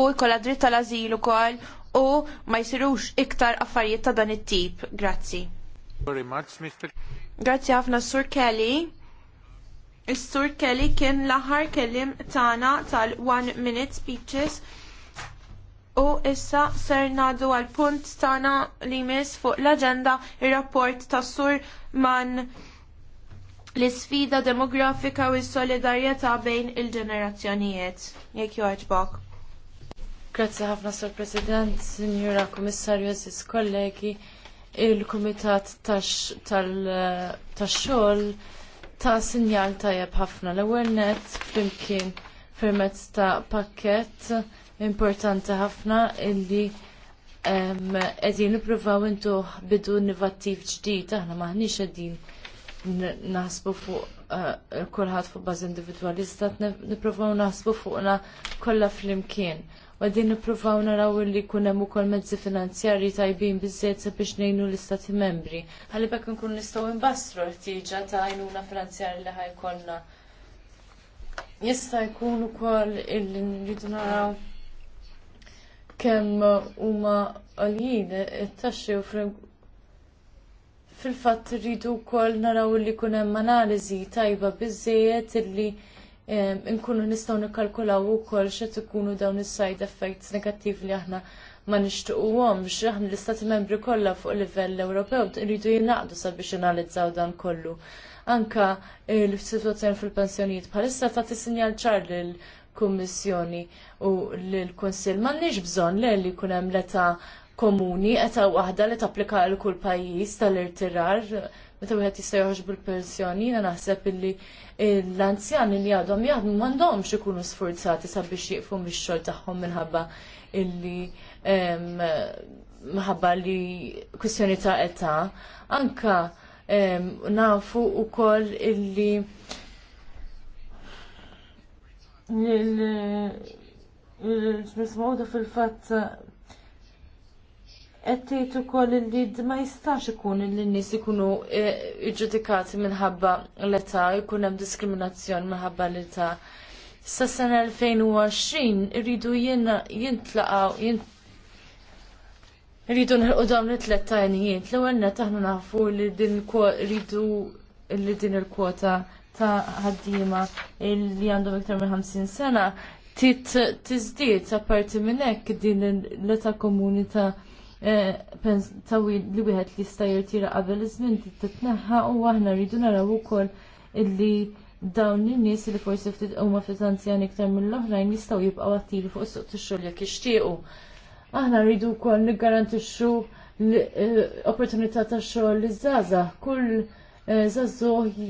u jkollha dritt tal-ażil ukoll u ma jsirux iktar affarijiet ta' dan it-tip. Grazzi. Grazzi ħafna Sur Kelly. Is-Sur Kelly kien l-aħħar kellim tagħna tal-one minute speeches u issa ser nadu għal punt tagħna li jmiss fuq l-aġenda ir-rapport tas Sur Man l isfida demografika u s-solidarjetà bejn il-ġenerazzjonijiet. Jekk joħġbok. Grazzi ħafna, Sor President, Signora Komissarju, Aziz kollegi, il-Komitat tax-xogħol ta' sinjal tajjeb ħafna. L-ewwel net flimkien permezz ta' pakkett importanti ħafna illi qegħdin nippruvaw intu bidu innovattiv ġdid aħna maħniex qegħdin naħsbu fuq eh, kulħadd fuq bażi individwali iżda nippruvaw naħsbu fuqna kollha flimkien għaddin għadin nippruvaw naraw li jkun hemm ukoll mezzi finanzjarji tajbin biżżejjed sabiex ngħinu l-istati membri. Għalli bekk nkun nistgħu imbastru l-ħtieġa ta' għajnuna finanzjari li ħajkonna Jista' jkun ukoll illi nridu naraw kemm huma għaljine il taxxi u fil-fatt rridu wkoll naraw li kunem hemm analiżi tajba biżżejjed illi nkunu nistgħu nikkalkulaw ukoll x'et ikunu dawn is-side effects negativ li aħna ma nixtiequhomx aħna l-istati membri kollha fuq livell Ewropew rridu jingħaqdu sabiex analizzaw dan kollu. Anka eh, l situazzjoni fil-pensjonijiet bħalissa ta' sinjal ċar lill kummissjoni u l-Konsil m'għandniex bżonn li jkun hemm l-età komuni, eta waħda li tapplika għal kull pajjiż tal-irtirar meta wieħed jista' joħroġ bil-pensjoni, jiena naħseb illi l-anzjani li għadhom jaħdmu m'għandhomx ikunu sforzati sabiex jieqfu mix-xogħol tagħhom minħabba illi minħabba li kwistjoni ta' età. Anka nafu wkoll illi l-ġmismawda fil-fatt qed tgħid ukoll li ma jistax ikun li nies ikunu eh, iġġudikati minħabba l-età, jkun hemm diskriminazzjoni minħabba l-età. Sa sena 2020 irridu jintlaqgħu Rridu nħirqu dawn it-tlet tajnijiet, l-ewwel net aħna nafu li din rridu li din il-kwota ta' ħaddiema li għandhom iktar minn 50 sena tit tiżdied apparti minn hekk din l-età komuni ta' Eh, tawi li wieħed li jista' jirtira qabel iż-żmien titneħħa u aħna rridu naraw ukoll illi dawn in-nies li forsi ftit huma ftit anzjani iktar mill-oħrajn jistgħu jibqgħu attivi fuq is-suq tix-xogħol jekk jixtiequ. Aħna rridu wkoll niggarantixxu l-opportunità eh, ta' xogħol li żgħażagħ kull eh, żagħżugħ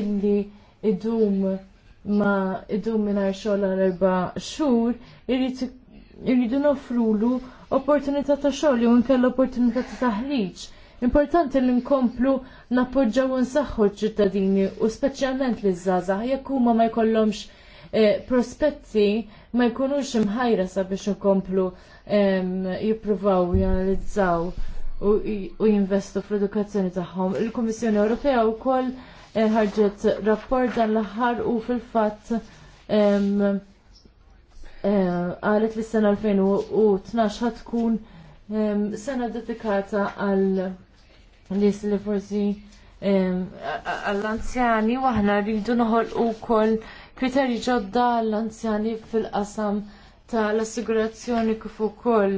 illi idum ma idum minn xogħol għal erba' xhur irid irridu nofrulu opportunità ta' xogħol jew inkella opportunità ta' taħriġ. Importanti li nkomplu nappoġġaw nsaħħu ċ-ċittadini u speċjalment li żgħażagħ jekk huma ma jkollhomx eh, prospetti ma jkunux imħajra sabiex ikomplu jippruvaw janalizzaw u jinvestu fl-edukazzjoni tagħhom. Il-Kummissjoni Ewropea wkoll eh, ħarġet rapport dan l-aħħar u fil-fatt għalet li s-sena 2012 tkun sena dedikata għal nis li forsi għall-anzjani u aħna rridu noħol u koll kriterji ġodda għall-anzjani fil-qasam tal-assigurazzjoni kif ukoll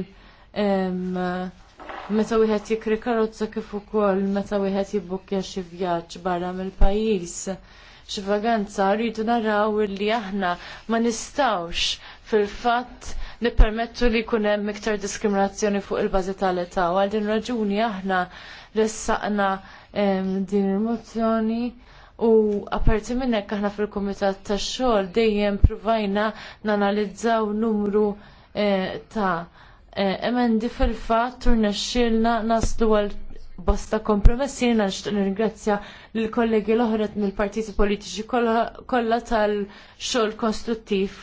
meta wieħed jikri karozza kif ukoll meta wieħed jibbukkja xi vjaġġ barra mill-pajjiż. Xi vaganza rridu naraw li aħna ma nistawx fil-fatt nippermettu li jkun hemm iktar diskriminazzjoni fuq il-bażi tal-età. U għal din raġuni aħna ressaqna din il-mozzjoni u apparti minn hekk aħna fil-Kumitat tax-xogħol dejjem provajna nanalizzaw numru eh, ta' eh, emendi fil-fatt turnexxielna naslu għal bosta kompromessi jina nirgrazzja l lill kollegi l ohret mill-partiti politiċi kollha tal-xogħol konstruttiv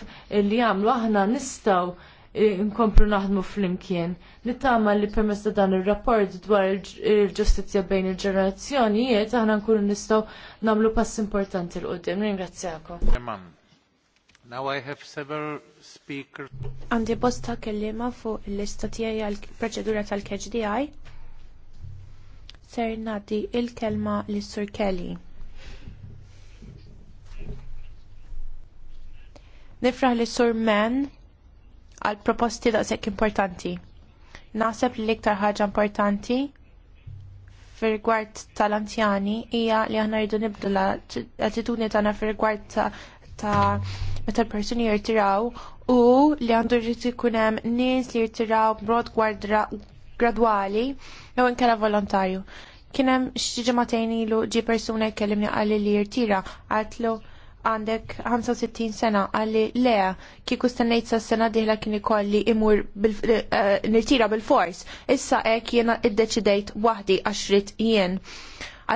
li għamlu aħna nistgħu eh, nkomplu naħdmu flimkien. Nittama li permessa ta' dan ir-rapport dwar il-ġustizzja bejn il-ġenerazzjonijiet aħna nkunu nistgħu nagħmlu pass importanti l qoddim Ringrazzjakom. Now I have several speakers. Għandi bosta kellima fuq il istatija tiegħi għall proċedura tal-KHDI ser nadi il-kelma lis sur Kelly. Nifraħ li sur Men għal proposti daqshekk importanti. Naħseb li l-iktar ħaġa importanti fir-rigward tal-anzjani hija li aħna rridu nibdu l-attitudni tagħna fir-rigward ta', meta l-persuni jirtiraw u li għandu jrid ikun hemm nies li jirtiraw b'mod gradwali jew inkella volontarju. Kien hemm xi ġimagħtejn ilu ġie persuna jkellimni qal li jirtira għatlu għandek 65 sena għalli lea kieku stennejt sa sena diħla kien ikolli imur bil, uh, nirtira bil-fors. Issa hekk jiena id-deċidejt wahdi għaxrit jien.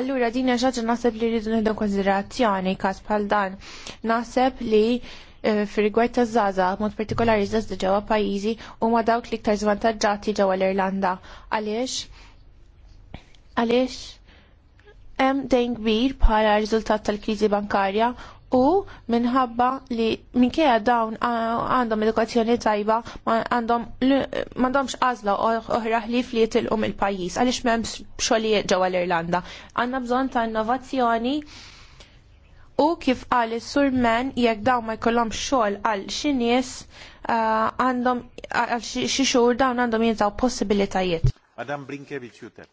Allura din xaġa naħseb li rridu nħeddu konsiderazzjoni każ bħal dan. Naħseb li Firigwajt eh, fir-rigward ta' Zaza, mod partikolari Zaza ġewwa pajjiżi huma dawk li iktar żvantaġġati ġewwa l-Irlanda. Għaliex? Għaliex hemm dejn kbir bħala riżultat tal-kriżi bankarja u minħabba li minkejja dawn għandhom edukazzjoni tajba għandhom m'għandhomx għażla oħra ħlif li jitilqu mill-pajjiż għaliex m'hemmx xogħlijiet ġewwa l-Irlanda. Għandna bżonn ta' innovazzjoni u kif qal is-sur men jekk dawn ma jkollhomx xogħol għal xi nies għandhom għal xi xhur dawn għandhom jintaw possibilitajiet. Madam Brinkevich Jute.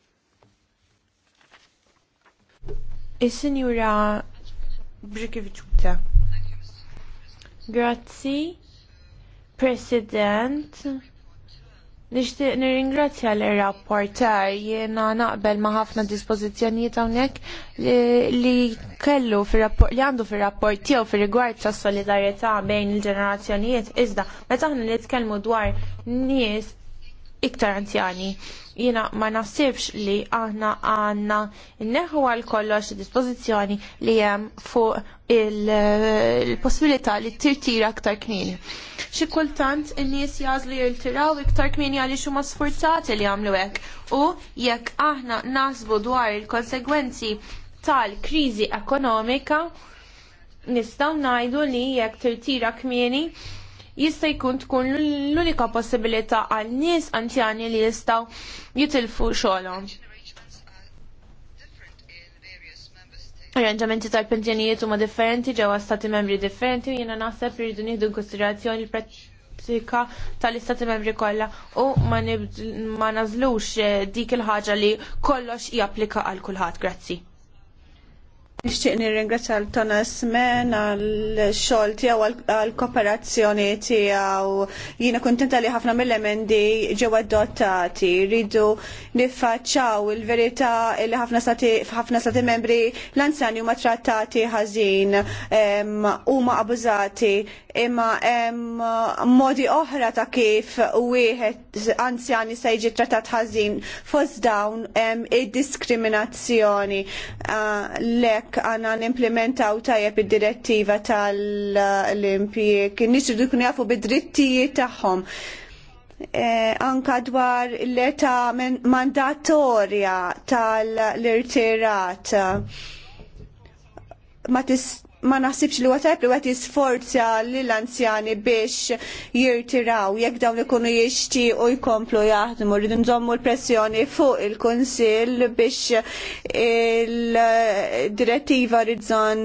Is-Sinjura Brikeviċuta. Grazzi, President. Nishtiq nirringrazzja l-rapporter jena naqbel ma' ħafna dispożizzjonijiet hawnhekk li kellu rapport li għandu fir-rapport tiegħu fir-rigward tas-solidarjetà bejn il-ġenerazzjonijiet iżda meta aħna nitkellmu dwar nies iktar anzjani. Jiena ma nasibx li aħna għandna neħu għal kollox dispożizzjoni li hemm fuq il-possibilità li tirtira aktar kmieni. Xi kultant in-nies jażlu jirtiraw iktar kmieni għaliex huma sforzati li jagħmlu hekk u jekk aħna naħsbu dwar il-konsegwenzi tal-kriżi ekonomika nistgħu ngħidu li jekk tirtira kmieni jista' jkun tkun l-unika possibilità għal nies anzjani li jistgħu jitilfu xogħolhom. Arranġamenti tal-pensjonijiet huma differenti ġewwa stati membri differenti u jiena naħseb li nieħdu konsiderazzjoni prattika tal-istati membri kollha u ma nażlux eh, dik il-ħaġa li kollox japplika għal kulħadd. Grazzi. Nixtieq nirringrazzja l tonas Men għall-xogħol tiegħu għall-kooperazzjoni tiegħu. Jiena kuntenta li ħafna mill-emendi ġew adottati. Rridu niffaċċaw il-verità li ħafna stati membri l-anzjani huma trattati ħażin huma abużati imma hemm modi oħra ta' kif wieħed anzjani se jiġi trattat ħażin fost dawn id-diskriminazzjoni ah, lek għana n nimplementaw tajjeb id-direttiva tal-Olimpijek, nis irdu jkunu jafu bid-drittijiet tagħhom. E, anka dwar l-età mandatorja tal-irtirat ma tist ma naħsibx li għatajb li għat jisforza l-anzjani biex jirtiraw jekk dawn ikunu jixti u jkomplu jaħdmu li nżommu l-pressjoni fuq il-konsil biex il-direttiva rizzon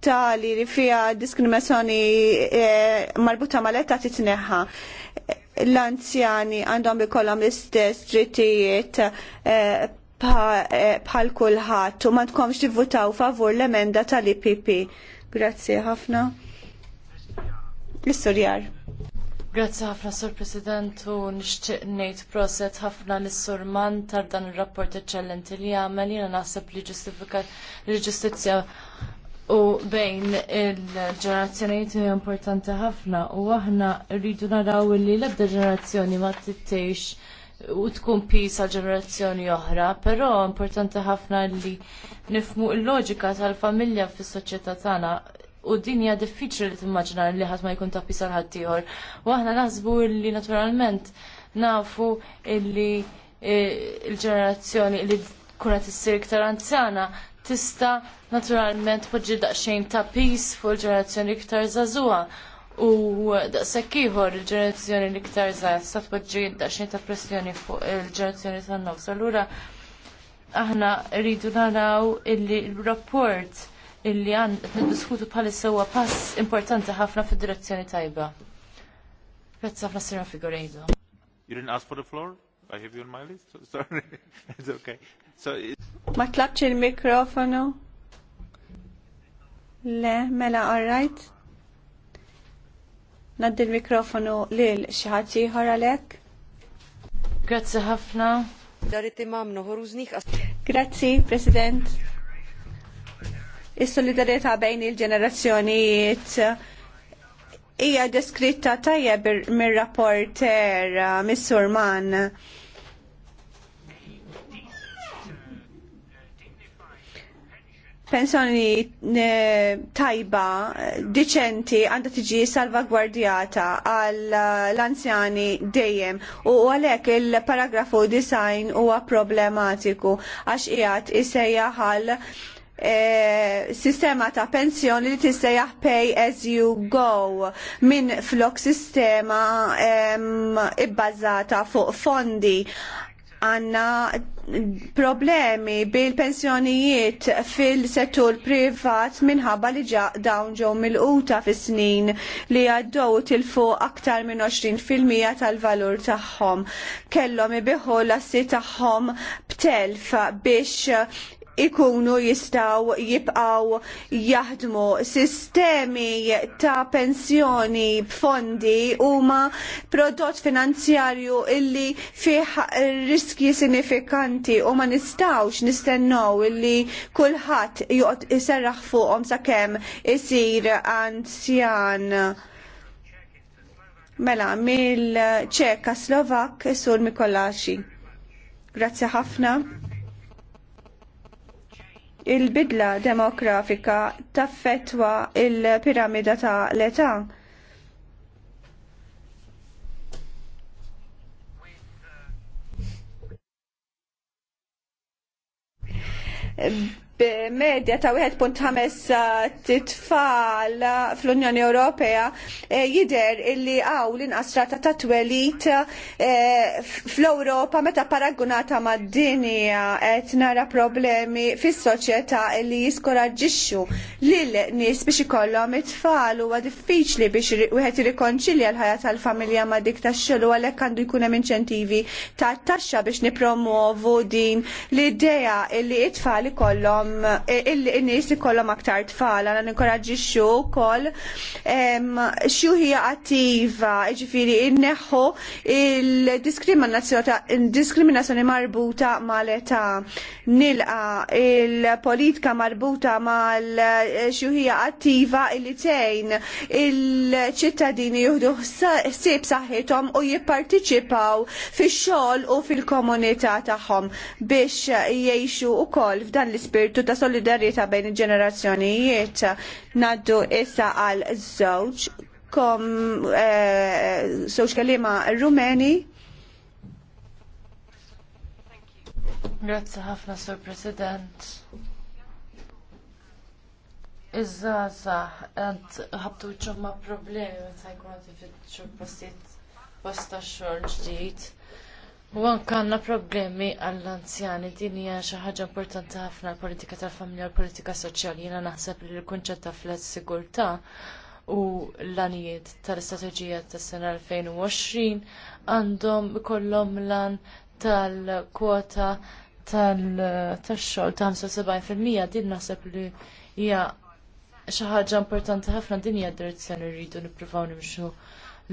tali li fija diskriminazzjoni eh, marbuta mal-etta titneħħa l-anzjani għandhom ikollhom l-istess drittijiet eh, bħal kulħadd u ma tkomx tivvutaw favur l-emenda tal-IPP. Grazzi ħafna. L-istorjar. Grazzi ħafna Sur President u nixtieq ngħid proset ħafna lis sur Man tar dan ir-rapport eċċellenti li għamel jiena naħseb li ġustifikat ġustizzja u bejn il-ġenerazzjonijiet hija importanti ħafna u aħna rridu naraw li l-ebda ġenerazzjoni ma tittejx u tkun pisa ġenerazzjoni oħra, però importanti ħafna li nifmu il-loġika tal-familja fis soċjetà tagħna u din hija diffiċli li timmaġina li ħadd ma jkun ta' pisa ħadd ieħor. U aħna naħsbu li naturalment nafu illi eh, il-ġenerazzjoni li kuna tissir iktar anzjana tista' naturalment poġġi daqsxejn ta' pis fuq il-ġenerazzjoni iktar żagħżugħa. U daqshekk ieħor il-ġenerazzjoni l-iktar żgħar sa tpoġġi daqsxejn ta' pressjoni fuq il-ġenerazzjoni tan-nofs. Allura aħna rridu naraw illi il rapport illi għand niddiskutu bħalissa sewa pass importanti ħafna fid-direzzjoni tajba. Grazzi ħafna Sira Figurejdu. You didn't ask for the floor? I have you on my list? Sorry. It's okay. So Ma tlabx il-mikrofonu? Le, mela all right. Naddi l-mikrofonu lil xaħat ieħor Grazzi ħafna. Darit imam noħor Grazzi, President. Is-solidarieta bejn il-ġenerazzjonijiet hija deskritta tajjeb mir-rapporter eh, Miss Surman pensjoni tajba, diċenti, għandha tiġi salvagwardjata għall-anzjani eh, dejjem u għalhekk il-paragrafu design huwa problematiku għax qiegħed isejjaħal E, eh, sistema ta' pensjoni li tissejjaħ pay as you go minn flok sistema ehm, ibbażata fuq fondi għanna problemi bil-pensjonijiet fil-settur privat minħabba li ġa dawn ġew milquta quta fis-snin li għaddew tilfu aktar minn 20% tal-valur tagħhom. Kellhom ibiħu l-assi tagħhom b'telf biex ikunu jistaw jibqaw jaħdmu sistemi ta' pensjoni b'fondi huma prodott finanzjarju illi fih riskji sinifikanti u ma nistawx nistennaw illi kulħadd joqgħod iserraħ fuqhom sakemm isir anzjan. Mela, mill-ċeka Slovak, sur Mikolaxi. Grazzi ħafna il-bidla demografika taffetwa il-piramida ta' l-età b'medja ta' 1.5 eh, titfal eh, fl-Unjoni Ewropea eh, jider illi għaw l-inqasrata ta' twelit fl-Ewropa meta paragunata ma' dinja qed nara problemi fis-soċjetà illi jiskoraġġixxu lil nies biex ikollhom it-tfal huwa diffiċli biex wieħed irrikonċilja l-ħajja tal-familja ma' dik tax-xogħol għalhekk għandu jkun hemm inċentivi ta' taxxa biex nipromuovu din l-idea illi it-tfal ikollhom Um, e, il-nies ikollhom aktar tfal, għal ninkoraġġixxu wkoll xjuħija attiva, jiġifieri inneħħu il-diskriminazzjoni marbuta l età nilqa il-politika marbuta mal hija attiva illi tgħin il-ċittadini juhdu s-sib saħħitom u jipparticipaw fix-xogħol u fil-komunità tagħhom biex jgħixu wkoll f'dan l-ispirtu spiritu ta' solidarieta bejn il-ġenerazzjonijiet naddu issa għal żewġ kom eh, kalima rumeni. Grazie ħafna, Sir President. Iżza, żaza għand ħabtu ċumma problemi ta' jkun għati fit ċumma postiet posta xorġ ġdid. U anka għandna problemi għall-anzjani din hija xi ħaġa importanti ħafna l-politika tal-familja u l-politika soċjali. Jiena naħseb li l-kunċett ta' flet sigurtà u l-anijiet tal-istrateġija tas-sena 2020 għandhom ikollhom lan tal-kwota tal-xogħol ta' 75% din naħseb li hija xi ħaġa importanti ħafna din hija d-direzzjoni rridu nippruvaw nimxu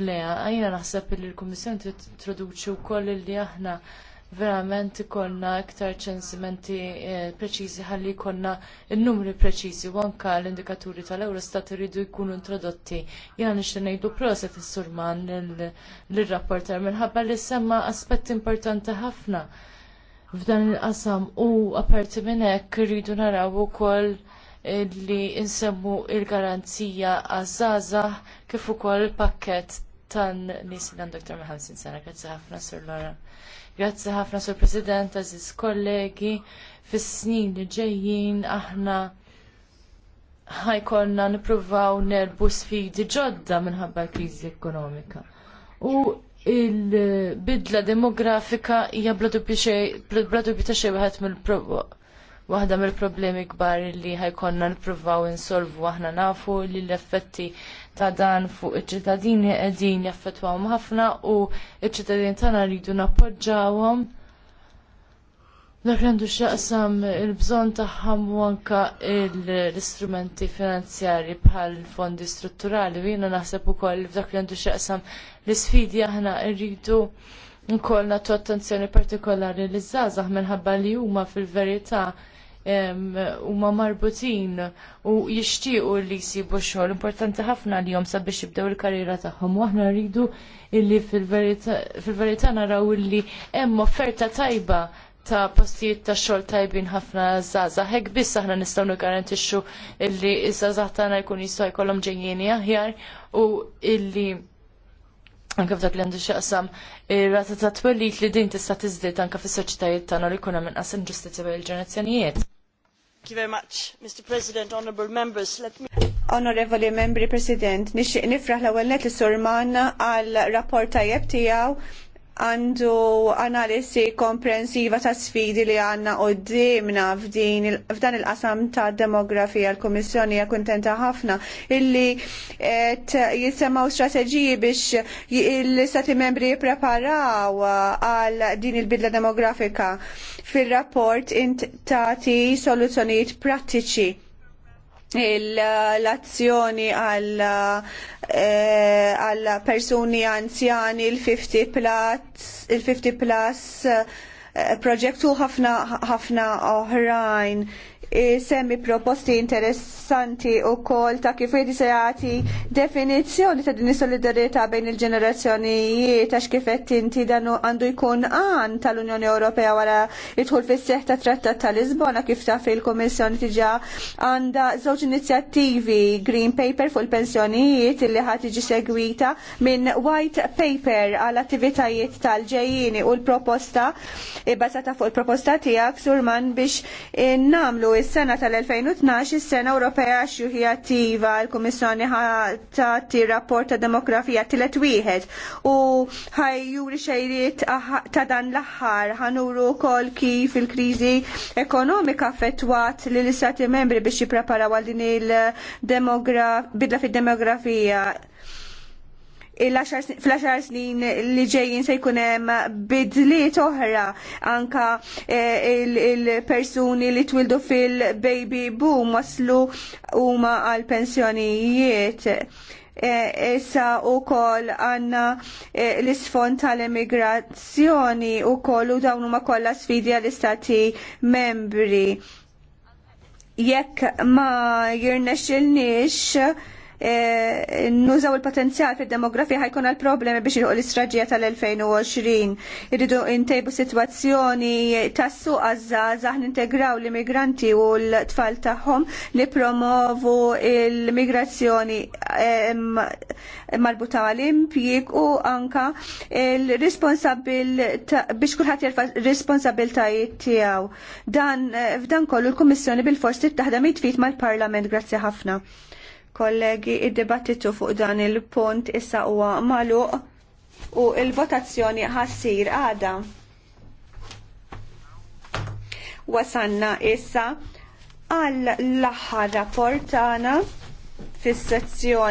Le, għajna naħseb li l-Kummissjoni t-traduċi wkoll li aħna verament ikollna iktar ċensimenti eh, preċiżi ħalli jkollna n numri preċiżi u anke l-indikaturi tal-Eurostat iridu jkunu introdotti. Jena nixti ngħidu proset is-surman lir-rapporter minħabba li semma aspett importanti ħafna f'dan il-qasam u apparti minn hekk irridu naraw ukoll eh, li insemmu l garanzija għaż kif ukoll il-pakkett tan nies li għandu iktar minn 50 sena. Grazzi ħafna Sir Lora. Grazzi ħafna Sur President, Aziz kollegi, fis-snin li ġejjin aħna ħajkonna nipruvaw nerbu sfidi ġodda minħabba l-kriżi ekonomika. U il-bidla demografika hija bla dubju ta' xejn waħed mill waħda mill-problemi kbar li ħajkonna nipruvaw insolvu aħna nafu li l-effetti ta' dan fuq iċ-ċittadini qegħdin jaffettwahom ħafna u iċ-ċittadini tagħna rridu nappoġġawhom. Dak għandu x'jaqsam il tagħhom u anke l-istrumenti finanzjari bħal fondi strutturali, u jiena naħseb ukoll f'dak li għandu x'jaqsam l isfidi aħna rridu nkoll nagħtu attenzjoni partikolari li żgħażagħ minħabba li huma fil-verità huma marbutin u jixtiequ li jsibu xogħol importanti ħafna li jom sabiex jibdew il-karriera tagħhom u aħna rridu illi fil-verità naraw illi hemm offerta tajba ta' postijiet ta' xogħol tajbin ħafna żgħażagħ. Hekk biss aħna nistgħu niggarantixxu illi iż-żgħażagħ tagħna jkun jistgħu jkollhom ġejjieni aħjar u illi anke f'dak li għandu xaqsam ir-rata ta' twellit li din tista' tiżdied anke fis-soċjetajiet tagħna li jkun hemm inqas inġustizzja bejn il-ġenerazzjonijiet. Mr. President, Onorevoli membri President, nixtieq nifraħ l-ewwel nett li Sur għal rapport tajjeb tiegħu għandu analisi komprensiva ta' sfidi li għanna u dimna f'dan il-qasam ta' demografija l-Komissjoni hija kuntenta ħafna illi jisemaw strateġiji biex l-istati membri jippreparaw għal din il-bidla demografika fil-rapport intati soluzzjonijiet prattiċi l-azzjoni eh, għal persuni anzjani il-50 plus, il-50 plus eh, proġektu ħafna ħafna oħrajn E semmi proposti interessanti u kol ta' kif jedi jagħti definizjoni ta' din solidarieta bejn il-ġenerazzjonijiet għax kifet inti dan għandu jkun għan tal-Unjoni Ewropea wara jidħol fis seħħ ta' Trattat ta' Lisbona kif ta' fil-Kommissjoni tiġa għanda żewġ inizjattivi Green Paper fuq il-pensjonijiet li ħadd jiġi segwita minn White Paper għal attivitajiet tal-ġejjini u l-proposta e basata fuq il-proposta tiegħek Surman biex e, namlu is-sena tal-2012 is-sena Ewropea attiva l-Kummissjoni tagħti rapport ta' demografija tielet wieħed u ħajjuri xejriet ta' dan l-aħħar ħanuru wkoll kif il-kriżi ekonomika affettwat lill istati membri biex jippreparaw għal din il-bidla fid-demografija fl-10 snin li ġejjin se jkun hemm bidliet oħra anka eh, il-persuni li twildu fil-baby boom waslu huma għal pensjonijiet. Eh, issa u kol għanna eh, l-isfond tal-immigrazzjoni u kol u dawnu ma kolla sfidi għal-istati membri. Jekk ma jirnexilniex Eh, nużaw il-potenzjal fil-demografija ħajkun għal problemi biex ilħu l-istraġija tal-2020. Irridu intejbu situazzjoni tassu għazza zaħn integraw l-immigranti u l-tfal tagħhom li promovu l-migrazzjoni marbuta għal-impjik u anka il-responsabil biex kulħadd jerfa' responsabiltajiet tiegħu. Dan eh, f'dan kollu l-Kummissjoni bil-forsi taħdem it-tfit mal-Parlament. Grazzi ħafna. Kollegi, id-dibattitu fuq dan il-punt issa huwa magħluq u il-votazzjoni ħassir għada. Wasanna issa għall aħħar rapport rapportana fis-sezzjoni